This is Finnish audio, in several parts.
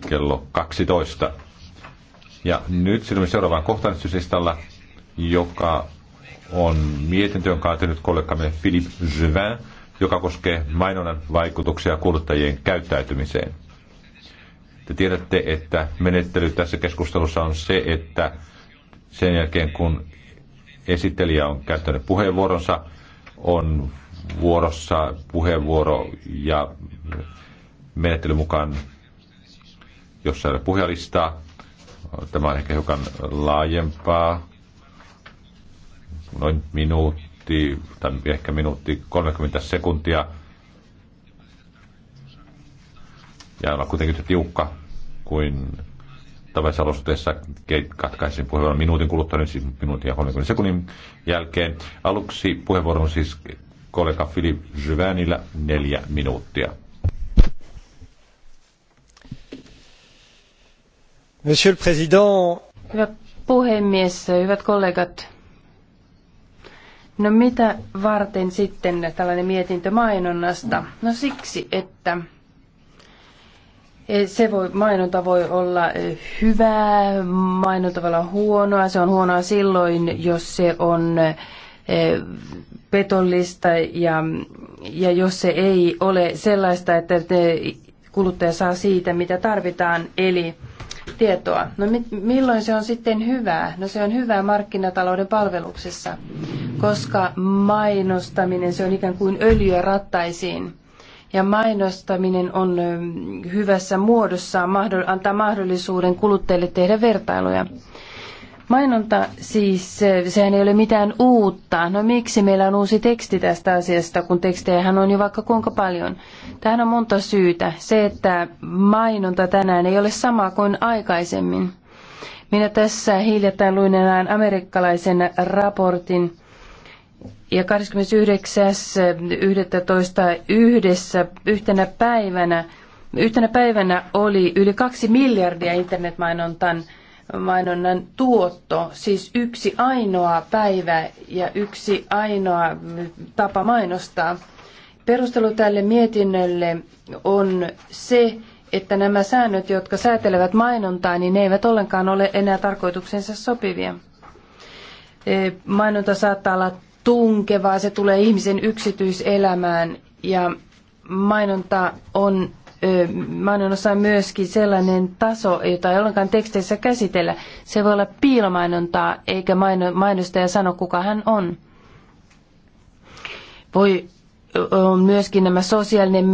kello 12. Ja nyt siirrymme seuraavaan kohtaanistuslistalla, joka on mietintö, jonka on tehnyt kollegamme Philippe Juvin, joka koskee mainonnan vaikutuksia kuluttajien käyttäytymiseen. Te tiedätte, että menettely tässä keskustelussa on se, että sen jälkeen kun esittelijä on käyttänyt puheenvuoronsa, on vuorossa puheenvuoro ja menettelyn mukaan jos saada puhujalistaa. Tämä on ehkä hiukan laajempaa. Noin minuutti tai ehkä minuutti 30 sekuntia. Ja on kuitenkin se tiukka kuin tavallisessa olosuhteessa katkaisin puheenvuoron minuutin kuluttua, niin siis minuutin ja 30 sekunnin jälkeen. Aluksi puheenvuoron siis kollega Filip Jyvänillä neljä minuuttia. Monsieur le Président. Hyvä puhemies, hyvät kollegat. No mitä varten sitten tällainen mietintö mainonnasta? No siksi, että se voi, mainonta voi olla hyvää, mainonta voi olla huonoa. Se on huonoa silloin, jos se on eh, petollista ja, ja jos se ei ole sellaista, että kuluttaja saa siitä, mitä tarvitaan. Eli tietoa. No milloin se on sitten hyvää? No se on hyvää markkinatalouden palveluksessa, koska mainostaminen se on ikään kuin öljyä rattaisiin. Ja mainostaminen on hyvässä muodossa antaa mahdollisuuden kuluttajille tehdä vertailuja. Mainonta siis, sehän ei ole mitään uutta. No miksi meillä on uusi teksti tästä asiasta, kun tekstejähän on jo vaikka kuinka paljon? Tähän on monta syytä. Se, että mainonta tänään ei ole sama kuin aikaisemmin. Minä tässä hiljattain luin erään amerikkalaisen raportin, ja 29.11. yhdessä yhtenä päivänä Yhtenä päivänä oli yli kaksi miljardia internetmainontan mainonnan tuotto, siis yksi ainoa päivä ja yksi ainoa tapa mainostaa. Perustelu tälle mietinnölle on se, että nämä säännöt, jotka säätelevät mainontaa, niin ne eivät ollenkaan ole enää tarkoituksensa sopivia. E, mainonta saattaa olla tunkevaa, se tulee ihmisen yksityiselämään ja mainonta on mainonnassa on myöskin sellainen taso, jota ei ollenkaan teksteissä käsitellä. Se voi olla piilomainontaa, eikä mainostaja sano, kuka hän on. Voi on myöskin nämä sosiaalinen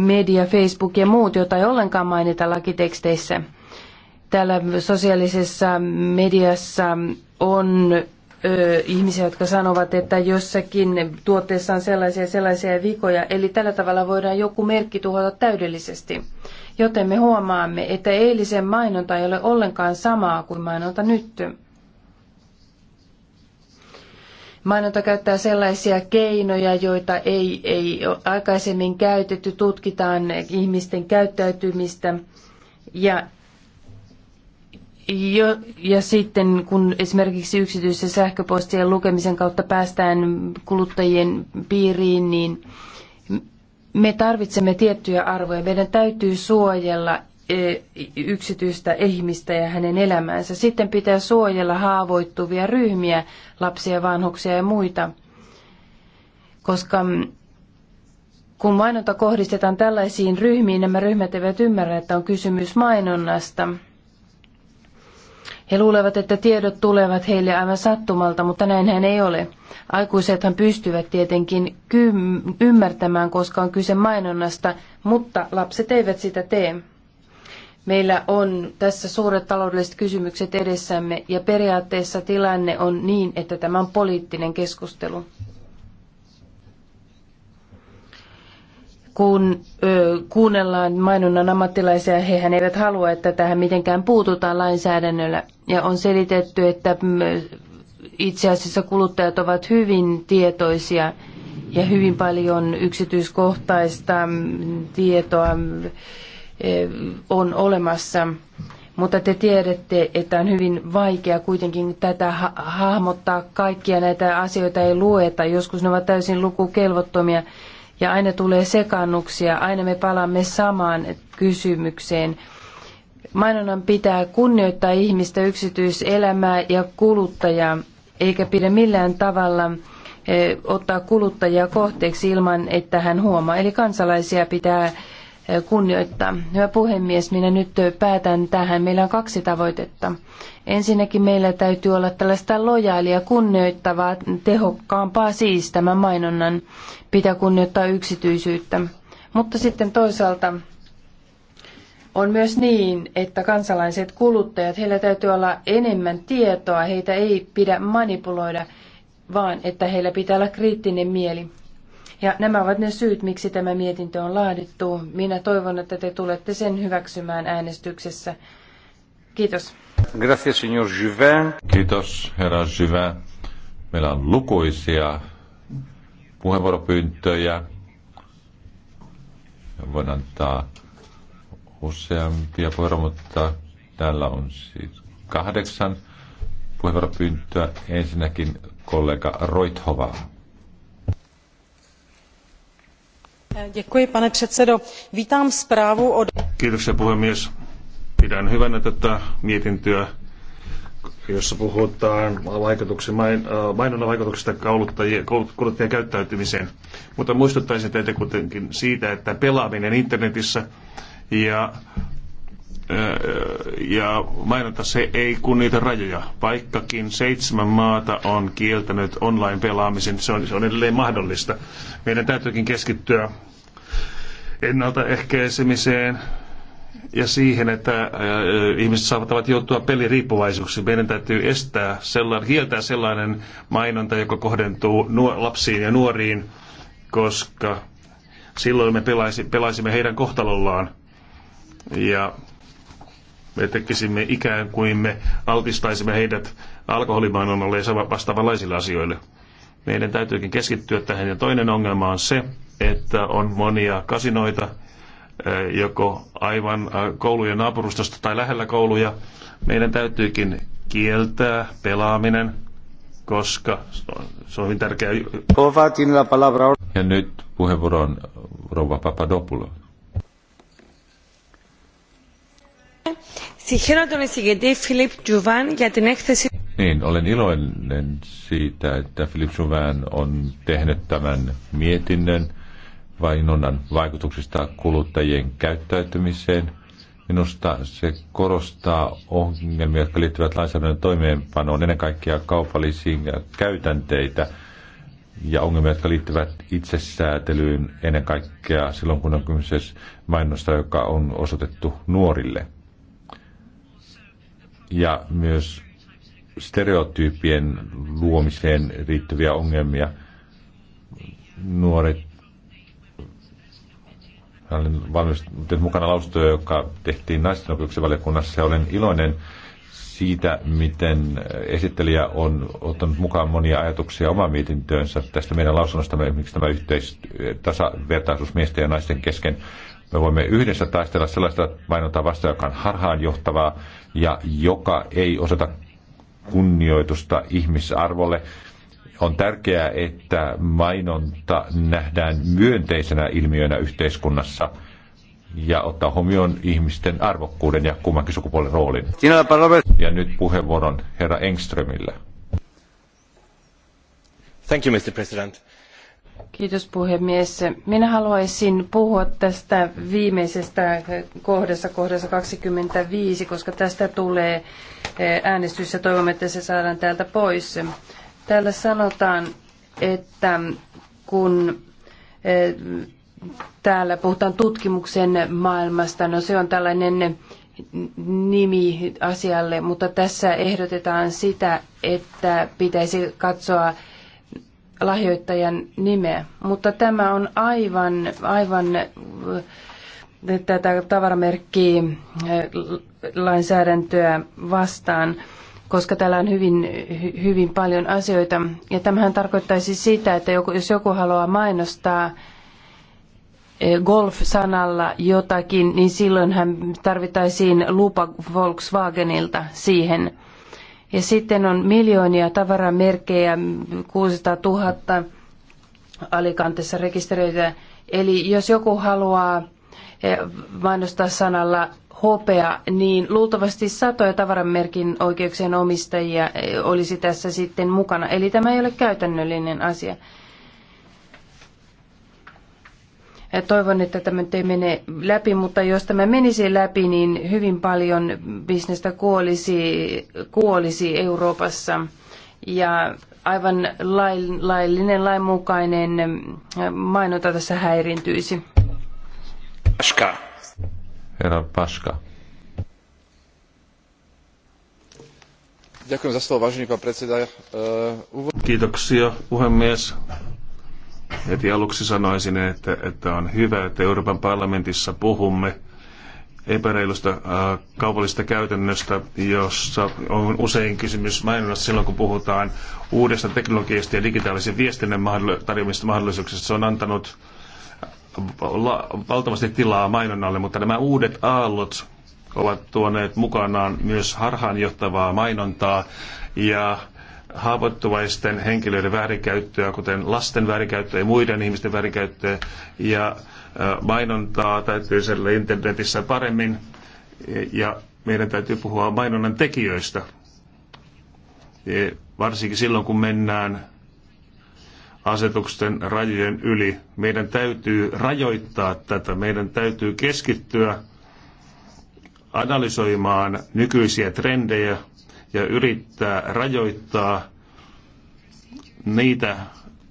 media, Facebook ja muut, joita ei ollenkaan mainita lakiteksteissä. Täällä sosiaalisessa mediassa on ihmisiä, jotka sanovat, että jossakin tuotteessa on sellaisia sellaisia vikoja. Eli tällä tavalla voidaan joku merkki tuhota täydellisesti. Joten me huomaamme, että eilisen mainonta ei ole ollenkaan samaa kuin mainonta nyt. Mainonta käyttää sellaisia keinoja, joita ei, ei aikaisemmin käytetty, tutkitaan ihmisten käyttäytymistä ja jo, ja sitten kun esimerkiksi yksityisen sähköpostien lukemisen kautta päästään kuluttajien piiriin, niin me tarvitsemme tiettyjä arvoja. Meidän täytyy suojella e, yksityistä ihmistä ja hänen elämäänsä. Sitten pitää suojella haavoittuvia ryhmiä, lapsia, vanhuksia ja muita. Koska kun mainonta kohdistetaan tällaisiin ryhmiin, nämä ryhmät eivät ymmärrä, että on kysymys mainonnasta – he luulevat, että tiedot tulevat heille aivan sattumalta, mutta näinhän ei ole. Aikuisethan pystyvät tietenkin ymmärtämään, koska on kyse mainonnasta, mutta lapset eivät sitä tee. Meillä on tässä suuret taloudelliset kysymykset edessämme ja periaatteessa tilanne on niin, että tämä on poliittinen keskustelu. kun ö, kuunnellaan mainonnan ammattilaisia, hehän eivät halua, että tähän mitenkään puututaan lainsäädännöllä. Ja on selitetty, että mm, itse asiassa kuluttajat ovat hyvin tietoisia ja hyvin paljon yksityiskohtaista mm, tietoa mm, e, on olemassa. Mutta te tiedätte, että on hyvin vaikea kuitenkin tätä ha- hahmottaa. Kaikkia näitä asioita ei lueta. Joskus ne ovat täysin lukukelvottomia ja aina tulee sekannuksia, aina me palaamme samaan kysymykseen. Mainonnan pitää kunnioittaa ihmistä yksityiselämää ja kuluttajaa, eikä pidä millään tavalla eh, ottaa kuluttajia kohteeksi ilman, että hän huomaa. Eli kansalaisia pitää kunnioittaa. Hyvä puhemies, minä nyt päätän tähän. Meillä on kaksi tavoitetta. Ensinnäkin meillä täytyy olla tällaista lojaalia, kunnioittavaa, tehokkaampaa siis tämän mainonnan. Pitää kunnioittaa yksityisyyttä. Mutta sitten toisaalta on myös niin, että kansalaiset kuluttajat, heillä täytyy olla enemmän tietoa, heitä ei pidä manipuloida, vaan että heillä pitää olla kriittinen mieli. Ja nämä ovat ne syyt, miksi tämä mietintö on laadittu. Minä toivon, että te tulette sen hyväksymään äänestyksessä. Kiitos. Gracias, señor Juvin. Kiitos, herra Juvin. Meillä on lukuisia puheenvuoropyyntöjä. Voin antaa useampia puheenvuoroja, mutta täällä on siis kahdeksan puheenvuoropyyntöä. Ensinnäkin kollega Roithova. pane předsedající vítám zprávu o. puhemies. Pidän hyvänä tätä mietintöä, jossa puhutaan äh, mainonnan vaikutuksesta kuluttajien käyttäytymiseen. Mutta muistuttaisin teitä kuitenkin siitä, että pelaaminen internetissä ja ja mainonta se ei kunnita rajoja, vaikkakin seitsemän maata on kieltänyt online-pelaamisen, se on, se on edelleen mahdollista. Meidän täytyykin keskittyä ennaltaehkäisemiseen ja siihen, että ihmiset saavat joutua peliriippuvaisuuksiin. Meidän täytyy estää sellainen, kieltää sellainen mainonta, joka kohdentuu lapsiin ja nuoriin, koska silloin me pelaisi, pelaisimme heidän kohtalollaan. Ja me tekisimme ikään kuin me altistaisimme heidät alkoholimainonnalle ja vastaavanlaisille asioille. Meidän täytyykin keskittyä tähän. Ja toinen ongelma on se, että on monia kasinoita, eh, joko aivan eh, koulujen naapurustosta tai lähellä kouluja. Meidän täytyykin kieltää pelaaminen, koska se on hyvin tärkeää. Ja nyt puheenvuoron on rouva Niin, olen iloinen siitä, että Philip Juvan on tehnyt tämän mietinnön vainonnan vaikutuksista kuluttajien käyttäytymiseen. Minusta se korostaa ongelmia, jotka liittyvät lainsäädännön toimeenpanoon, ennen kaikkea kaupallisiin käytänteitä ja ongelmia, jotka liittyvät itsesäätelyyn, ennen kaikkea silloin, kun on kyse mainosta, joka on osoitettu nuorille ja myös stereotyyppien luomiseen liittyviä ongelmia. Nuoret olen valmistunut mukana lausuntoja, joka tehtiin naisten oikeuksien valiokunnassa ja olen iloinen siitä, miten esittelijä on ottanut mukaan monia ajatuksia oma mietintöönsä tästä meidän lausunnostamme, miksi tämä yhteistasavertaisuus miesten ja naisten kesken me voimme yhdessä taistella sellaista mainontaa vastaan, joka on harhaanjohtavaa ja joka ei osata kunnioitusta ihmisarvolle. On tärkeää, että mainonta nähdään myönteisenä ilmiönä yhteiskunnassa ja ottaa huomioon ihmisten arvokkuuden ja kummankin sukupuolen roolin. Ja nyt puheenvuoron herra Engströmille. Thank you, Mr. President. Kiitos puhemies. Minä haluaisin puhua tästä viimeisestä kohdassa, kohdassa 25, koska tästä tulee eh, äänestys ja toivomme, että se saadaan täältä pois. Täällä sanotaan, että kun eh, täällä puhutaan tutkimuksen maailmasta, no se on tällainen nimi asialle, mutta tässä ehdotetaan sitä, että pitäisi katsoa lahjoittajan nimeä, mutta tämä on aivan, aivan äh, tätä tavaramerkkiä äh, lainsäädäntöä vastaan, koska täällä on hyvin, hyvin paljon asioita. Ja tämähän tarkoittaisi sitä, että jos joku haluaa mainostaa äh, golf-sanalla jotakin, niin silloin hän tarvittaisiin lupa Volkswagenilta siihen – ja sitten on miljoonia tavaramerkkejä, 600 000 Alicantessa rekisteröityä. Eli jos joku haluaa eh, mainostaa sanalla hopea, niin luultavasti satoja tavaramerkin oikeuksien omistajia eh, olisi tässä sitten mukana. Eli tämä ei ole käytännöllinen asia. Toivon, että tämä nyt ei mene läpi, mutta jos tämä menisi läpi, niin hyvin paljon bisnestä kuolisi, kuolisi Euroopassa. Ja aivan laillinen, lainmukainen mainonta tässä häirintyisi. Paska. Herra Paska. E, Kiitoksia puhemies. Heti aluksi sanoisin, että, että on hyvä, että Euroopan parlamentissa puhumme epäreilusta äh, kaupallisesta käytännöstä, jossa on usein kysymys mainonnasta silloin, kun puhutaan uudesta teknologiasta ja digitaalisen viestinnän tarjoamista mahdollisuuksista. Se on antanut äh, valtavasti tilaa mainonnalle, mutta nämä uudet aallot ovat tuoneet mukanaan myös harhaanjohtavaa mainontaa ja haavoittuvaisten henkilöiden väärinkäyttöä, kuten lasten väärinkäyttöä ja muiden ihmisten väärinkäyttöä, ja mainontaa täytyy siellä internetissä paremmin, ja meidän täytyy puhua mainonnan tekijöistä, e, varsinkin silloin kun mennään asetuksen rajojen yli. Meidän täytyy rajoittaa tätä, meidän täytyy keskittyä analysoimaan nykyisiä trendejä ja yrittää rajoittaa niitä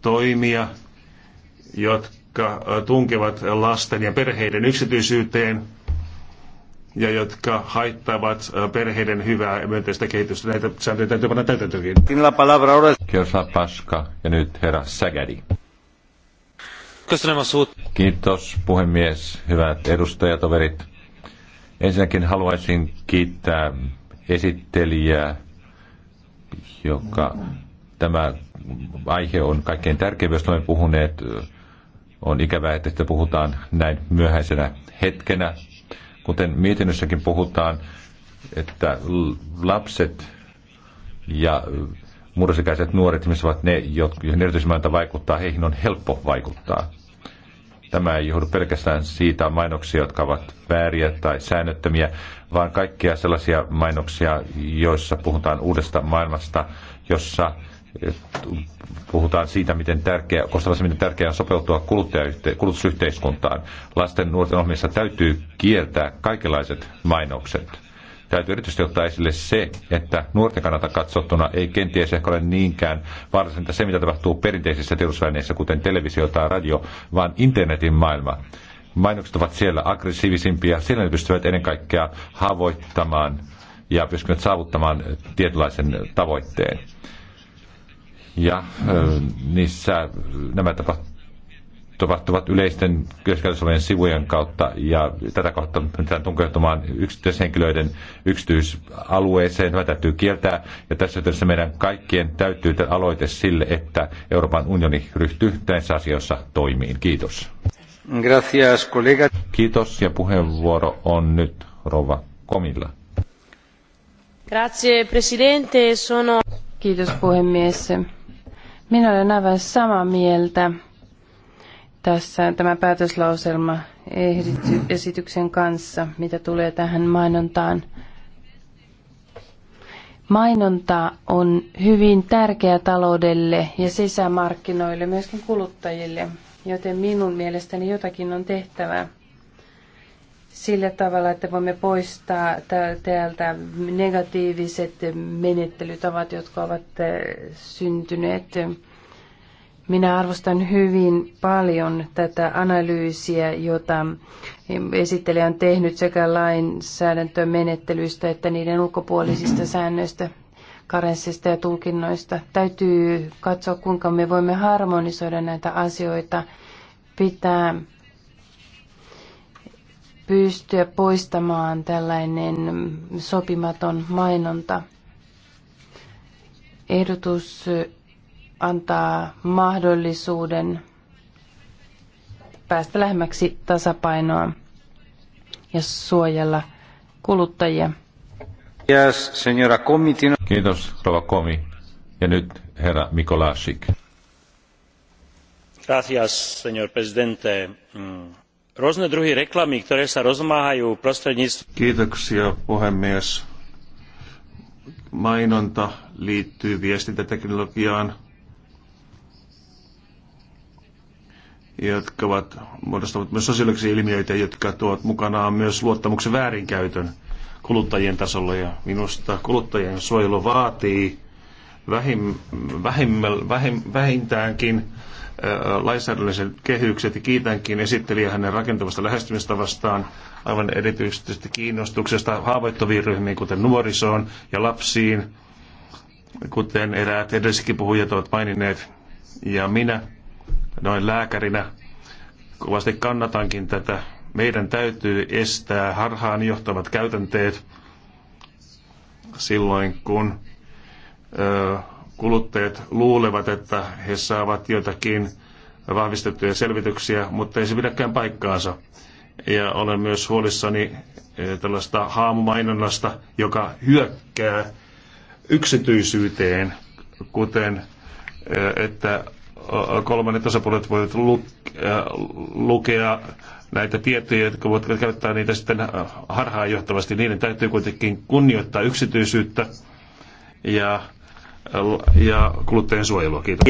toimia, jotka tunkevat lasten ja perheiden yksityisyyteen ja jotka haittavat perheiden hyvää ja myönteistä kehitystä. Näitä sääntöjä täytyy panna täytäntöönkin. Kiitos Paska ja nyt herra Sägäri. Kiitos puhemies, hyvät edustajatoverit. Ensinnäkin haluaisin kiittää esittelijää, joka tämä aihe on kaikkein tärkein, jos olemme puhuneet. On ikävää, että sitä puhutaan näin myöhäisenä hetkenä. Kuten mietinnössäkin puhutaan, että lapset ja murrosikäiset nuoret ihmiset ovat ne, jotka erityisemmältä vaikuttaa, heihin on helppo vaikuttaa. Tämä ei johdu pelkästään siitä mainoksia, jotka ovat vääriä tai säännöttömiä, vaan kaikkia sellaisia mainoksia, joissa puhutaan uudesta maailmasta, jossa puhutaan siitä, miten tärkeää, on miten tärkeää on sopeutua kulutusyhteiskuntaan. Lasten nuorten ohjelmissa täytyy kieltää kaikenlaiset mainokset. Täytyy erityisesti ottaa esille se, että nuorten kannalta katsottuna ei kenties ehkä ole niinkään vaarallisinta se, mitä tapahtuu perinteisissä tiedotusvälineissä, kuten televisio tai radio, vaan internetin maailma. Mainokset ovat siellä aggressiivisimpia, siellä ne pystyvät ennen kaikkea haavoittamaan ja pystyvät saavuttamaan tietynlaisen tavoitteen. Ja niissä nämä tapahtuvat tapahtuvat yleisten käytössä sivujen kautta ja tätä kautta pyritään tunkeutumaan yksityishenkilöiden yksityisalueeseen. Tämä täytyy kieltää ja tässä yhteydessä meidän kaikkien täytyy aloite sille, että Euroopan unioni ryhtyy näissä asioissa toimiin. Kiitos. Gracias, kollega. Kiitos ja puheenvuoro on nyt Rova Komilla. Grazie, presidente. Sono... Kiitos puhemies. Minä olen aivan samaa mieltä tässä tämä päätöslauselma esityksen kanssa, mitä tulee tähän mainontaan. Mainonta on hyvin tärkeä taloudelle ja sisämarkkinoille, myöskin kuluttajille, joten minun mielestäni jotakin on tehtävää sillä tavalla, että voimme poistaa täältä negatiiviset menettelytavat, jotka ovat syntyneet minä arvostan hyvin paljon tätä analyysiä, jota esittelijä on tehnyt sekä lainsäädäntömenettelyistä että niiden ulkopuolisista säännöistä, karenssista ja tulkinnoista. Täytyy katsoa, kuinka me voimme harmonisoida näitä asioita. Pitää pystyä poistamaan tällainen sopimaton mainonta. Ehdotus antaa mahdollisuuden päästä lähemmäksi tasapainoa ja suojella kuluttajia. Kiitos, rouva Komi. Ja nyt herra Mikolasik. Gracias, señor presidente. Mm, Rosne druhy reklamy, ktoré sa rozmáhajú prostredníctvom... Kiitoksia, puhemies. Mainonta liittyy viestintäteknologiaan, jotka ovat, muodostavat myös sosiaalisia ilmiöitä, jotka tuovat mukanaan myös luottamuksen väärinkäytön kuluttajien tasolla. Ja minusta kuluttajien suojelu vaatii vähim, vähimmel, vähim, vähintäänkin lainsäädännölliset kehykset ja kiitänkin esittelijä hänen rakentavasta lähestymistavastaan, aivan erityisesti kiinnostuksesta haavoittuviin ryhmiin, kuten nuorisoon ja lapsiin, kuten eräät edellisikin puhujat ovat maininneet. Ja minä noin lääkärinä kovasti kannatankin tätä. Meidän täytyy estää harhaan johtavat käytänteet silloin, kun kuluttajat luulevat, että he saavat jotakin vahvistettuja selvityksiä, mutta ei se pidäkään paikkaansa. Ja olen myös huolissani tällaista haamumainonnasta, joka hyökkää yksityisyyteen, kuten että kolmannet osapuolet voivat äh, lukea näitä tietoja, jotka voivat käyttää niitä sitten äh, harhaanjohtavasti. Niiden täytyy kuitenkin kunnioittaa yksityisyyttä ja, äh, ja kuluttajien suojelua. Kiitos.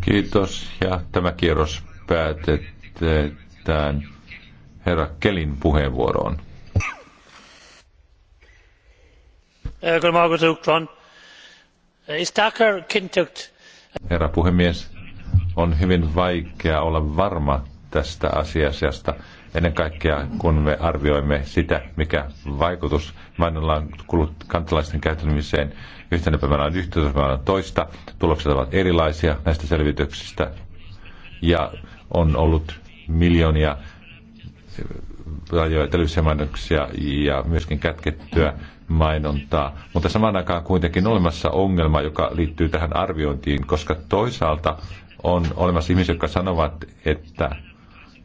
Kiitos ja tämä kierros päätetään herra Kelin puheenvuoroon. Kiitos. Herra puhemies, on hyvin vaikea olla varma tästä asiasta, ennen kaikkea kun me arvioimme sitä, mikä vaikutus mainolla on kulut kantalaisten käyttämiseen. Yhtenä päivänä on yhtä, päivänä on toista. Tulokset ovat erilaisia näistä selvityksistä. Ja on ollut miljoonia televisiomainnoksia ja myöskin kätkettyä mainontaa. Mutta samaan aikaan kuitenkin olemassa ongelma, joka liittyy tähän arviointiin, koska toisaalta on olemassa ihmisiä, jotka sanovat, että,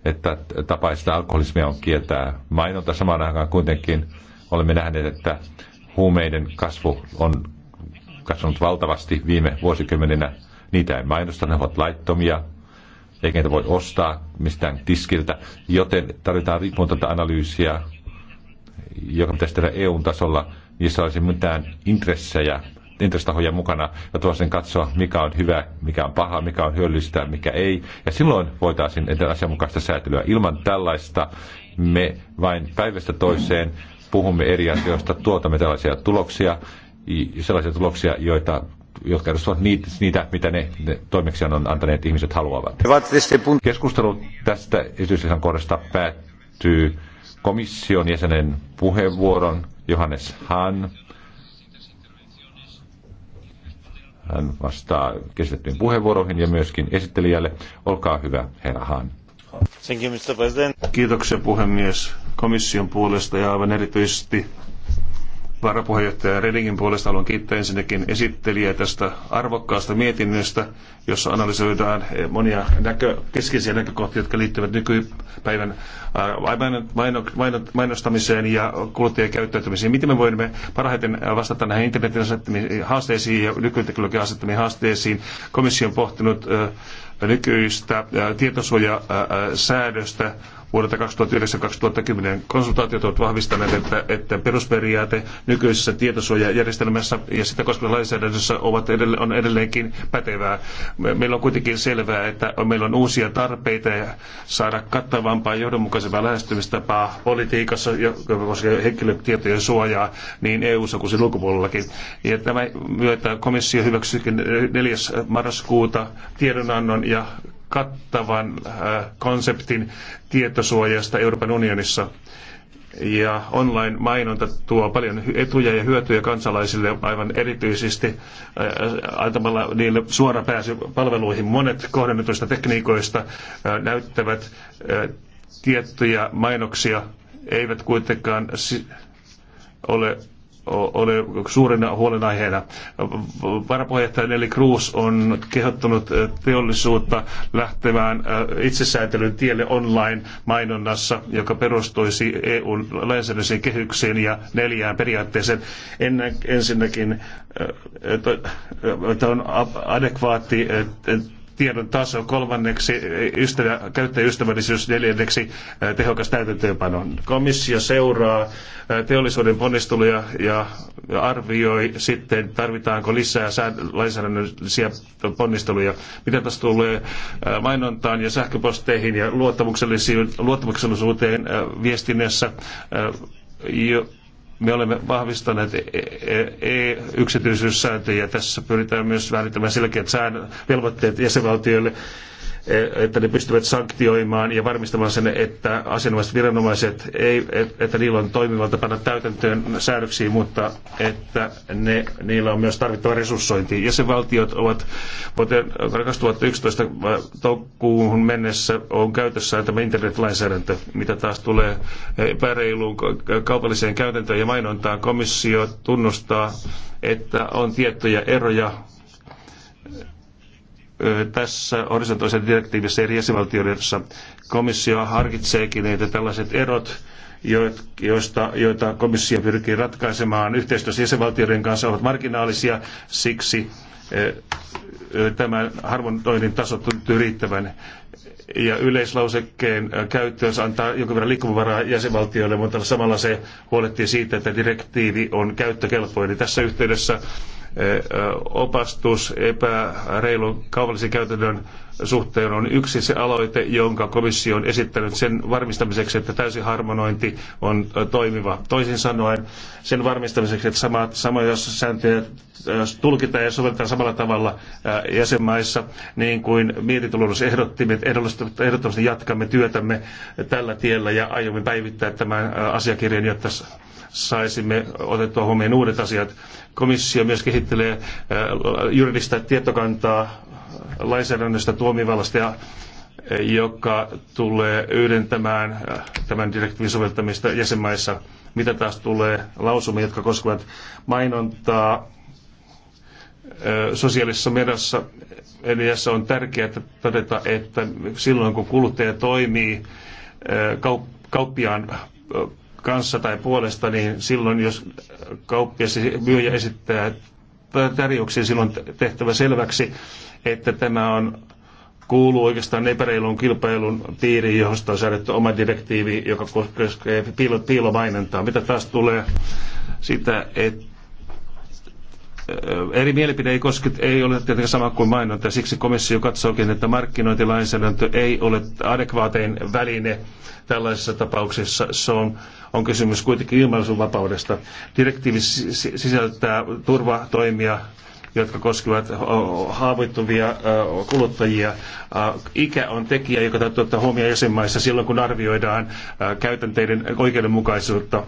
että tapaista alkoholismia on kieltää mainonta. Samaan aikaan kuitenkin olemme nähneet, että huumeiden kasvu on kasvanut valtavasti viime vuosikymmeninä. Niitä ei mainosta, ne ovat laittomia, eikä niitä voi ostaa mistään tiskiltä, joten tarvitaan riippumatonta analyysiä, joka pitäisi tehdä EU-tasolla, jossa olisi mitään intressejä, intressitahoja mukana, ja tuossa sen katsoa, mikä on hyvä, mikä on paha, mikä on hyödyllistä, mikä ei. Ja silloin voitaisiin tehdä asianmukaista säätelyä. Ilman tällaista me vain päivästä toiseen puhumme eri asioista, tuotamme tällaisia tuloksia, sellaisia tuloksia, joita jotka edustavat niitä, mitä ne, ne toimeksiannon antaneet ihmiset haluavat. Keskustelu tästä esityslisän kohdasta päättyy komission jäsenen puheenvuoron Johannes Hahn. Hän vastaa kestettyihin puheenvuoroihin ja myöskin esittelijälle. Olkaa hyvä, herra Hahn. Kiitoksia puhemies komission puolesta ja aivan erityisesti varapuheenjohtaja Redingin puolesta haluan kiittää ensinnäkin esittelijää tästä arvokkaasta mietinnöstä, jossa analysoidaan eh, monia näkö, keskeisiä näkökohtia, jotka liittyvät nykypäivän eh, mainostamiseen ja kuluttajien käyttäytymiseen. Miten me voimme parhaiten vastata näihin internetin asettamiin haasteisiin ja nykyteknologian asettamiin haasteisiin? Komissio on pohtinut eh, nykyistä tietosuojasäädöstä vuodelta 2009-2010. Konsultaatiot ovat vahvistaneet, että, että perusperiaate nykyisessä tietosuojajärjestelmässä ja sitä koskevassa lainsäädännössä ovat edelleen, on edelleenkin pätevää. Meillä on kuitenkin selvää, että meillä on uusia tarpeita ja saada kattavampaa ja johdonmukaisempaa lähestymistapaa politiikassa, joka koskee henkilötietojen suojaa niin EU-ssa kuin sen ulkopuolellakin. Ja tämä myötä komissio hyväksyikin 4. marraskuuta tiedonannon ja kattavan äh, konseptin tietosuojasta Euroopan unionissa. Ja online-mainonta tuo paljon etuja ja hyötyjä kansalaisille aivan erityisesti äh, antamalla niille suora pääsy palveluihin. Monet kohdennetuista tekniikoista äh, näyttävät tiettyjä mainoksia, eivät kuitenkaan ole oli suurena huolenaiheena. Varapuheenjohtaja Neli Cruz on kehottanut eh, teollisuutta lähtemään eh, itsesäätelyn tielle online-mainonnassa, joka perustuisi EUn lainsäädännöllisiin kehyksiin ja neljään periaatteeseen. Ennen, ensinnäkin, että eh, on adekvaatti tiedon taso, kolmanneksi eh, ystävä, käyttäjäystävällisyys, neljänneksi eh, tehokas täytäntöönpano. Komissio seuraa eh, teollisuuden ponnisteluja ja arvioi sitten, tarvitaanko lisää lainsäädännöllisiä ponnisteluja. Mitä tässä tulee mainontaan ja sähköposteihin ja luottamuksellisuuteen viestinnässä, me olemme vahvistaneet e- e- e- e-yksityisyyssääntöjä. Tässä pyritään myös välittämään selkeät säännöt, velvoitteet jäsenvaltioille E, että ne pystyvät sanktioimaan ja varmistamaan sen, että asianomaiset viranomaiset, ei, että niillä on toimivalta panna täytäntöön säädöksiä, mutta että ne, niillä on myös tarvittava resurssointi. Jäsenvaltiot ovat vuoteen 2011 toukkuun mennessä on käytössä tämä internetlainsäädäntö, mitä taas tulee epäreiluun kaupalliseen käytäntöön ja mainontaan. Komissio tunnustaa, että on tiettyjä eroja tässä horisontaalisen direktiivissä eri jäsenvaltioissa komissio harkitseekin, niitä tällaiset erot, joista, joita komissio pyrkii ratkaisemaan yhteistyössä jäsenvaltioiden kanssa, ovat marginaalisia. Siksi tämän harmonitoinnin taso tuntuu riittävän ja yleislausekkeen käyttö antaa jonkin verran liikkuvaraa jäsenvaltioille, mutta samalla se huolehtii siitä, että direktiivi on käyttökelpoinen. Tässä yhteydessä opastus epäreilun kaupallisen käytännön suhteen on yksi se aloite, jonka komissio on esittänyt sen varmistamiseksi, että täysi harmonointi on toimiva. Toisin sanoen sen varmistamiseksi, että samat, samoja sääntöjä tulkitaan ja sovelletaan samalla tavalla jäsenmaissa, niin kuin mietitulos ehdotti, me ehdottomasti jatkamme työtämme tällä tiellä ja aiomme päivittää tämän asiakirjan, jotta saisimme otettua huomioon uudet asiat. Komissio myös kehittelee äh, juridista tietokantaa lainsäädännöstä, tuomivallasta ja äh, joka tulee yhdentämään äh, tämän direktiivin soveltamista jäsenmaissa. Mitä taas tulee lausumiin, jotka koskevat mainontaa sosiaalisessa mediassa, eli tässä on tärkeää todeta, että silloin kun kuluttaja toimii kauppiaan kanssa tai puolesta, niin silloin jos kauppias myyjä esittää tarjouksia, silloin tehtävä selväksi, että tämä on kuuluu oikeastaan epäreilun kilpailun piiriin, josta on säädetty oma direktiivi, joka koskee piilomainentaa. Mitä taas tulee sitä, että eri mielipide ei, koske, ei ole tietenkään sama kuin mainonta. Siksi komissio katsookin, että markkinointilainsäädäntö ei ole adekvaatein väline tällaisissa tapauksissa. Se on, on kysymys kuitenkin ilmaisunvapaudesta. Direktiivi sisältää turvatoimia jotka koskevat haavoittuvia kuluttajia. Ikä on tekijä, joka täytyy ottaa huomioon jäsenmaissa silloin, kun arvioidaan käytänteiden oikeudenmukaisuutta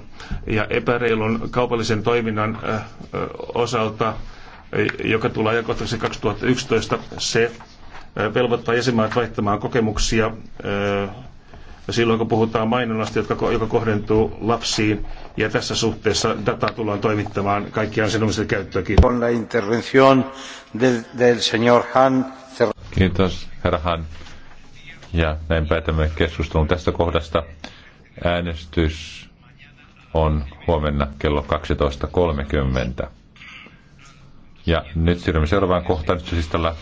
ja epäreilun kaupallisen toiminnan osalta, joka tulee ajankohtaiseksi 2011. Se velvoittaa jäsenmaat vaihtamaan kokemuksia silloin kun puhutaan mainonnasta, jotka, joka kohdentuu lapsiin. Ja tässä suhteessa dataa tullaan toimittamaan kaikkiaan sinullisen käyttöön. Kiitos. Kiitos, herra Han. Ja näin päätämme keskustelun tästä kohdasta. Äänestys on huomenna kello 12.30. Ja nyt siirrymme seuraavaan kohtaan. Nyt siis tällä